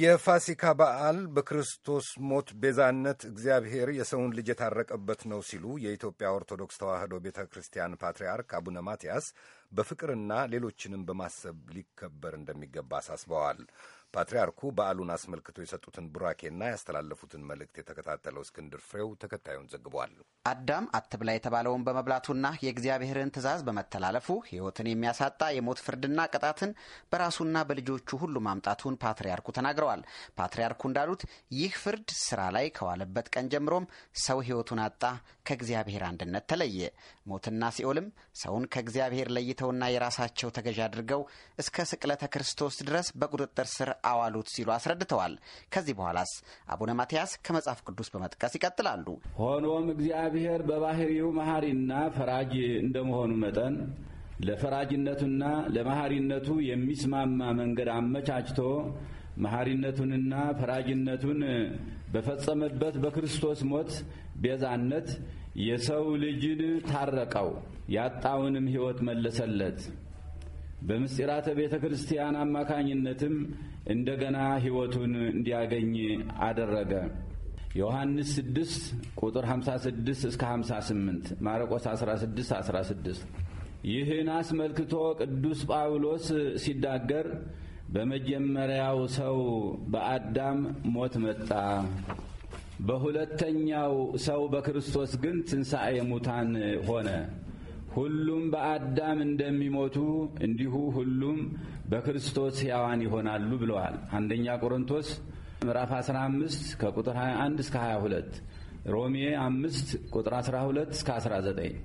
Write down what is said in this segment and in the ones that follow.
የፋሲካ በዓል በክርስቶስ ሞት ቤዛነት እግዚአብሔር የሰውን ልጅ የታረቀበት ነው ሲሉ የኢትዮጵያ ኦርቶዶክስ ተዋሕዶ ቤተ ክርስቲያን ፓትርያርክ አቡነ ማትያስ በፍቅርና ሌሎችንም በማሰብ ሊከበር እንደሚገባ አሳስበዋል። ፓትርያርኩ በዓሉን አስመልክቶ የሰጡትን ቡራኬና ያስተላለፉትን መልእክት የተከታተለው እስክንድር ፍሬው ተከታዩን ዘግቧል። አዳም አትብላ የተባለውን በመብላቱና የእግዚአብሔርን ትእዛዝ በመተላለፉ ሕይወትን የሚያሳጣ የሞት ፍርድና ቅጣትን በራሱና በልጆቹ ሁሉ ማምጣቱን ፓትርያርኩ ተናግረዋል። ፓትርያርኩ እንዳሉት ይህ ፍርድ ስራ ላይ ከዋለበት ቀን ጀምሮም ሰው ሕይወቱን አጣ፣ ከእግዚአብሔር አንድነት ተለየ። ሞትና ሲኦልም ሰውን ከእግዚአብሔር ለይ አቆይተውና የራሳቸው ተገዥ አድርገው እስከ ስቅለተ ክርስቶስ ድረስ በቁጥጥር ስር አዋሉት ሲሉ አስረድተዋል። ከዚህ በኋላስ አቡነ ማትያስ ከመጽሐፍ ቅዱስ በመጥቀስ ይቀጥላሉ። ሆኖም እግዚአብሔር በባህሪው መሐሪና ፈራጅ እንደመሆኑ መጠን ለፈራጅነቱና ለመሐሪነቱ የሚስማማ መንገድ አመቻችቶ መሐሪነቱንና ፈራጅነቱን በፈጸመበት በክርስቶስ ሞት ቤዛነት የሰው ልጅን ታረቀው፣ ያጣውንም ሕይወት መለሰለት። በምስጢራተ ቤተ ክርስቲያን አማካኝነትም እንደገና ሕይወቱን እንዲያገኝ አደረገ። ዮሐንስ 6 ቁጥር 56 እስከ 58 ማርቆስ 16 16 ይህን አስመልክቶ ቅዱስ ጳውሎስ ሲናገር በመጀመሪያው ሰው በአዳም ሞት መጣ። በሁለተኛው ሰው በክርስቶስ ግን ትንሣኤ ሙታን ሆነ። ሁሉም በአዳም እንደሚሞቱ እንዲሁ ሁሉም በክርስቶስ ሕያዋን ይሆናሉ ብለዋል። አንደኛ ቆሮንቶስ ምዕራፍ 15 ከቁጥር 21 እስከ 22፣ ሮሜ 5 ቁጥር 12 እስከ 19።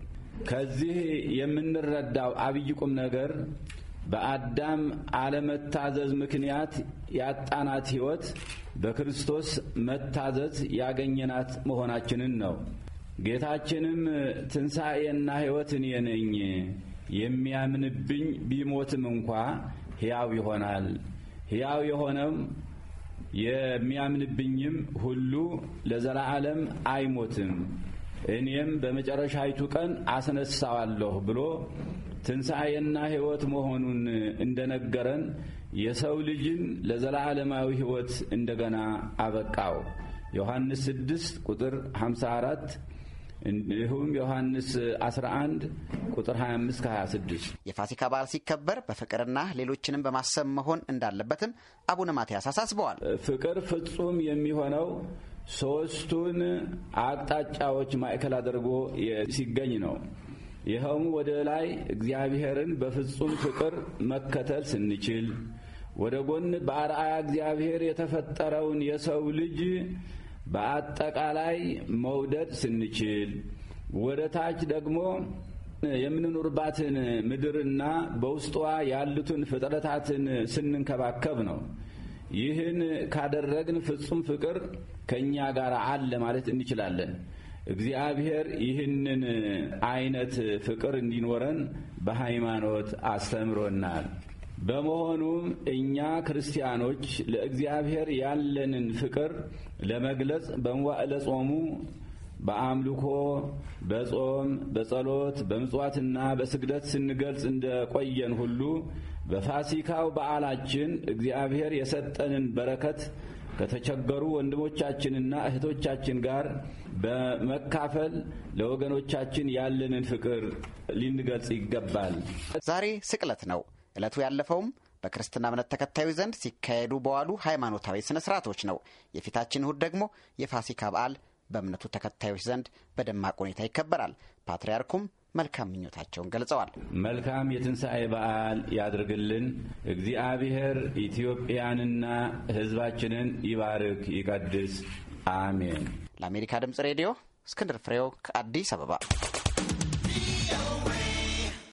ከዚህ የምንረዳው አብይ ቁም ነገር በአዳም አለመታዘዝ ምክንያት ያጣናት ሕይወት በክርስቶስ መታዘዝ ያገኘናት መሆናችንን ነው። ጌታችንም ትንሣኤና ሕይወት እኔ ነኝ፣ የሚያምንብኝ ቢሞትም እንኳ ሕያው ይሆናል፣ ሕያው የሆነም የሚያምንብኝም ሁሉ ለዘላዓለም አይሞትም፣ እኔም በመጨረሻይቱ ቀን አስነሳዋለሁ ብሎ ትንሣኤና ሕይወት መሆኑን እንደነገረን የሰው ልጅን ለዘላለማዊ ሕይወት እንደገና አበቃው። ዮሐንስ 6 ቁጥር 54 እንዲሁም ዮሐንስ 11 ቁጥር 25 26 የፋሲካ በዓል ሲከበር በፍቅርና ሌሎችንም በማሰብ መሆን እንዳለበትም አቡነ ማትያስ አሳስበዋል። ፍቅር ፍጹም የሚሆነው ሦስቱን አቅጣጫዎች ማዕከል አድርጎ ሲገኝ ነው። ይኸውም ወደ ላይ እግዚአብሔርን በፍጹም ፍቅር መከተል ስንችል ወደ ጎን በአርአያ እግዚአብሔር የተፈጠረውን የሰው ልጅ በአጠቃላይ መውደድ ስንችል ወደ ታች ደግሞ የምንኖርባትን ምድርና በውስጧ ያሉትን ፍጥረታትን ስንንከባከብ ነው። ይህን ካደረግን ፍጹም ፍቅር ከእኛ ጋር አለ ማለት እንችላለን። እግዚአብሔር ይህንን አይነት ፍቅር እንዲኖረን በሃይማኖት አስተምሮናል። በመሆኑም እኛ ክርስቲያኖች ለእግዚአብሔር ያለንን ፍቅር ለመግለጽ በመዋዕለ ጾሙ በአምልኮ፣ በጾም፣ በጸሎት፣ በምጽዋትና በስግደት ስንገልጽ እንደቆየን ሁሉ በፋሲካው በዓላችን እግዚአብሔር የሰጠንን በረከት ከተቸገሩ ወንድሞቻችንና እህቶቻችን ጋር በመካፈል ለወገኖቻችን ያለንን ፍቅር ልንገልጽ ይገባል። ዛሬ ስቅለት ነው። ዕለቱ ያለፈውም በክርስትና እምነት ተከታዮች ዘንድ ሲካሄዱ በዋሉ ሃይማኖታዊ ስነ ስርዓቶች ነው። የፊታችን እሁድ ደግሞ የፋሲካ በዓል በእምነቱ ተከታዮች ዘንድ በደማቅ ሁኔታ ይከበራል። ፓትርያርኩም መልካም ምኞታቸውን ገልጸዋል። መልካም የትንሣኤ በዓል ያድርግልን። እግዚአብሔር ኢትዮጵያንና ሕዝባችንን ይባርክ ይቀድስ። አሜን። ለአሜሪካ ድምፅ ሬዲዮ እስክንድር ፍሬው ከአዲስ አበባ